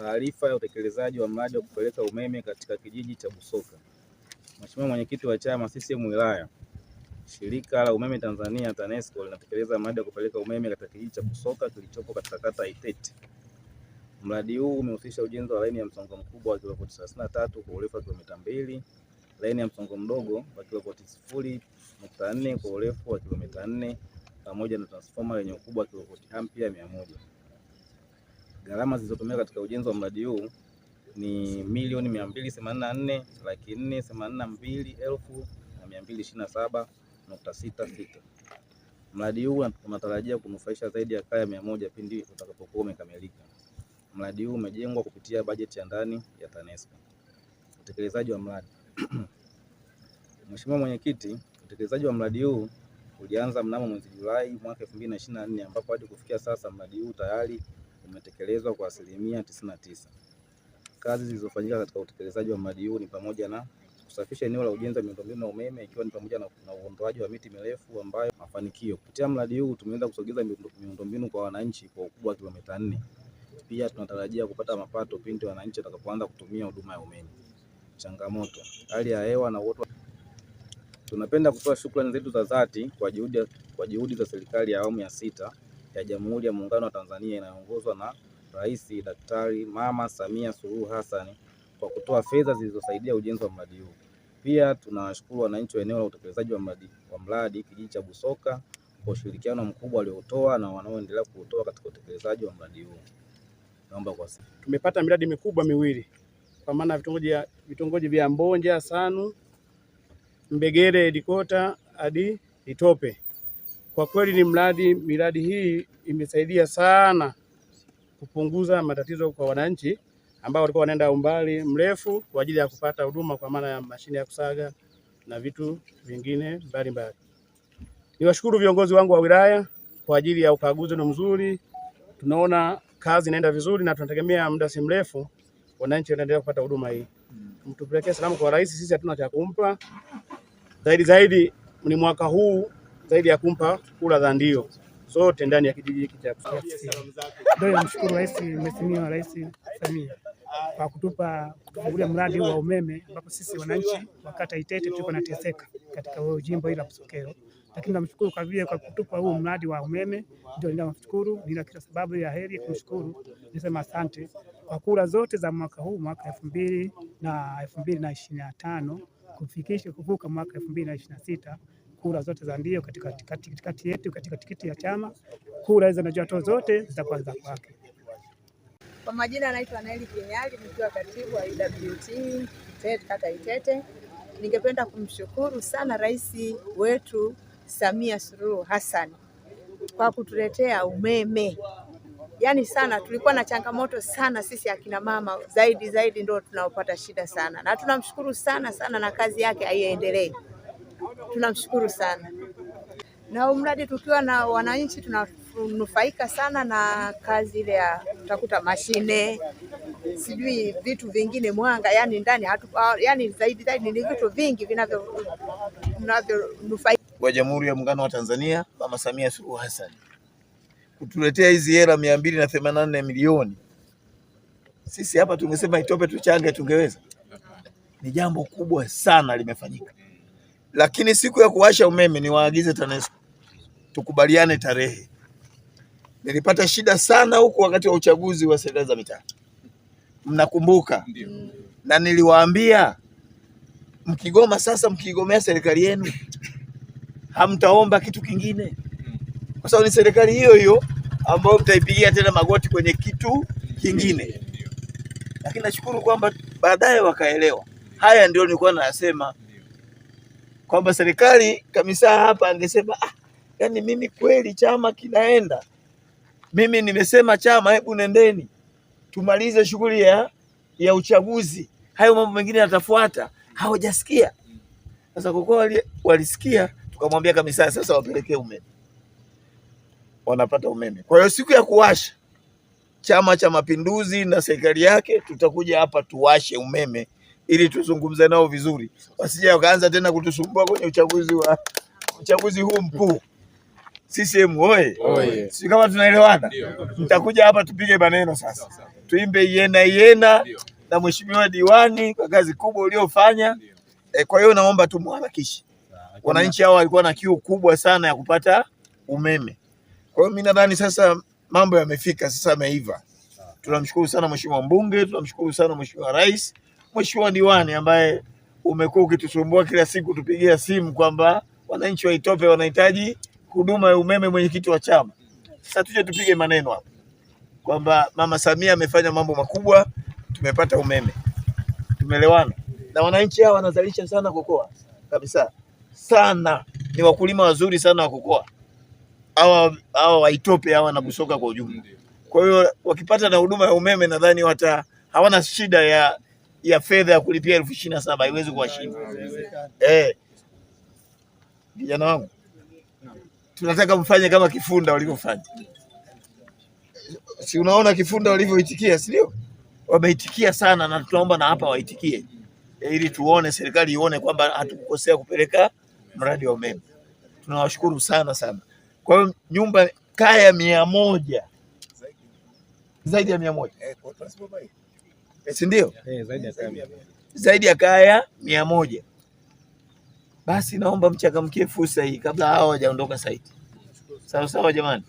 Taarifa ya utekelezaji wa mradi wa kupeleka umeme katika kijiji cha Busoka. Mheshimiwa mwenyekiti wa chama CCM wilaya, shirika la umeme Tanzania TANESCO linatekeleza mradi wa kupeleka umeme katika kijiji cha Busoka kilichopo katika kata Itete. Mradi huu umehusisha ujenzi wa laini ya msongo mkubwa wa kilovolti 33 kwa urefu wa kilomita mbili, laini ya msongo mdogo wa kilovolti 0.4 kwa urefu wa kilomita 4 pamoja na transfoma yenye ukubwa wa kilovolti ampia 100. Gharama zilizotumika katika ujenzi wa mradi huu ni milioni mia mbili themanini na nne laki nne themanini na mbili elfu na mia mbili ishirini na saba nukta sita sita. Mradi huu unatarajia kunufaisha zaidi ya kaya mia moja pindi utakapokuwa umekamilika. Mradi huu umejengwa kupitia bajeti ya ndani ya TANESCO. Utekelezaji wa mradi Mheshimiwa Mwenyekiti, utekelezaji wa mradi huu ulianza mnamo mwezi Julai mwaka 2024 ambapo hadi kufikia sasa mradi huu tayari umetekelezwa kwa asilimia tisini na tisa. Kazi zilizofanyika katika utekelezaji wa mradi huu ni pamoja na kusafisha eneo la ujenzi wa miundombinu ya umeme ikiwa ni pamoja na, uondoaji wa miti mirefu ambayo mafanikio. Kupitia mradi huu tumeweza kusogeza miundombinu kwa wananchi kwa ukubwa wa kilomita nne. Pia tunatarajia kupata mapato pindi wananchi watakapoanza kutumia huduma ya umeme. Changamoto: hali ya hewa na uoto. Tunapenda kutoa shukrani zetu za dhati kwa juhudi, kwa juhudi za serikali ya awamu ya sita ya Jamhuri ya Muungano wa Tanzania inayoongozwa na Rais Daktari Mama Samia Suluhu Hassan kwa kutoa fedha zilizosaidia ujenzi wa mradi huu. Pia tunawashukuru wananchi wa eneo la utekelezaji wa mradi wa mradi kijiji cha Busoka kwa ushirikiano mkubwa waliotoa na wanaoendelea kutoa katika utekelezaji wa mradi huu. Naomba kwa sasa. Tumepata miradi mikubwa miwili kwa maana vitongoji vitongoji vya Mbonja, Sanu, Mbegere, Likota hadi Itope. Kwa kweli ni mradi, miradi hii imesaidia sana kupunguza matatizo kwa wananchi ambao walikuwa wanaenda umbali mrefu kwa ajili ya kupata huduma kwa maana ya mashine ya kusaga na vitu vingine mbalimbali. Niwashukuru viongozi wangu wa wilaya kwa ajili ya ukaguzi na mzuri. Tunaona kazi inaenda vizuri na tunategemea muda si mrefu wananchi wanaendelea kupata huduma hii. Mtupelekee salamu kwa rais, sisi hatuna cha kumpa. Zaidi zaidi ni mwaka huu zaidi ya kumpa kura za ndio sote ndani ya kijiji hiki cha Ndio. Namshukuru Rais Mheshimiwa Rais Samia kwa kutupa kufungulia mradi wa umeme ambapo sisi wananchi wa kata Itete tulikuwa nateseka katika jimbo hili la Busokelo, lakini namshukuru kwa vile kwa kutupa huu mradi wa umeme, ndio ninamshukuru. Nina kila sababu ya heri kumshukuru, nisema asante kwa kura zote za mwaka huu, mwaka elfu mbili na elfu mbili na ishirini na tano kufikisha kuvuka mwaka elfu mbili na ishirini na sita kura zote za ndio katika tikati yetu, katika tikiti ya chama. Kura hizo najua zote zitakuwa za kwake. Kwa majina anaitwa Naeli Kinyali, nikiwa katibu wa UWT kata Itete. Ningependa kumshukuru sana rais wetu Samia Suluhu Hassan kwa kutuletea umeme. Yaani sana tulikuwa na changamoto sana sisi akina mama, zaidi zaidi ndio tunaopata shida sana, na tunamshukuru sana sana, na kazi yake aiendelee tunamshukuru sana na mradi tukiwa na wananchi tunanufaika sana na kazi ile ya utakuta mashine sijui vitu vingine mwanga, yani ndani hatu, yani zaidi zaidi ni vitu vingi vinavyonufaika wa Jamhuri ya Muungano wa Tanzania, Mama Samia Suluhu Hassan kutuletea hizi hela mia mbili na themanini na nne milioni. Sisi hapa tungesema itope tuchange, tungeweza? Ni jambo kubwa sana limefanyika lakini siku ya kuwasha umeme niwaagize TANESCO tukubaliane tarehe. Nilipata shida sana huko wakati wa uchaguzi wa serikali za mitaa, mnakumbuka? Na niliwaambia mkigoma sasa, mkigomea serikali yenu hamtaomba kitu kingine, kwa sababu ni serikali hiyo hiyo ambayo mtaipigia tena magoti kwenye kitu kingine. Lakini nashukuru kwamba baadaye wakaelewa. Haya ndio nilikuwa nayasema kwamba serikali kamisa hapa angesema ah, yani mimi kweli chama kinaenda, mimi nimesema chama, hebu nendeni tumalize shughuli ya, ya uchaguzi, hayo mambo mengine yatafuata. Hawajasikia. Sasa kwa kuwa walisikia, tukamwambia kamisa sasa wapelekee umeme, wanapata umeme. Kwa hiyo siku ya kuwasha Chama cha Mapinduzi na serikali yake tutakuja hapa tuwashe umeme ili tuzungumze nao vizuri, wasije wakaanza tena kutusumbua kwenye uchaguzi wa uchaguzi huu mkuu. CCM oye! Si kama tunaelewana? Mtakuja hapa tupige maneno sasa, tuimbe yena yena na mheshimiwa diwani kwa kazi kubwa uliofanya e, kwa hiyo naomba tu tumharakishe. Wananchi hao walikuwa na kiu kubwa sana ya kupata umeme, kwa hiyo mimi nadhani sasa mambo yamefika sasa, yameiva. Tunamshukuru sana mheshimiwa mbunge, tunamshukuru sana mheshimiwa rais. Mheshimiwa Diwani ambaye umekuwa ukitusumbua kila siku tupigia simu kwamba wananchi wa Itope wanahitaji huduma ya umeme, mwenyekiti wa chama. Sasa tuje tupige maneno hapo kwamba Mama Samia amefanya mambo makubwa, tumepata umeme, tumelewana na wananchi hawa wanazalisha sana kokoa kabisa sana, ni wakulima wazuri sana wa kokoa hawa hawa Itope hawa na Busoga kwa ujumla. Kwa hiyo wakipata na huduma ya umeme nadhani wata hawana shida ya ya fedha ya kulipia elfu ishirini na saba haiwezi kuwashinda eh. Vijana wangu, tunataka mfanye kama kifunda walivyofanya, si unaona kifunda walivyoitikia, si ndio? Wameitikia sana, na tunaomba na hapa waitikie eh, ili tuone, serikali ione kwamba hatukukosea kupeleka mradi wa umeme. Tunawashukuru sana sana. Kwa hiyo nyumba kaya mia moja zaidi ya mia moja si ndio? Eh, zaidi ya kaya mia moja. Zaidi ya kaya moja. Basi naomba mchangamkie fursa hii kabla hawa hawajaondoka saiti. Sawa sawa jamani.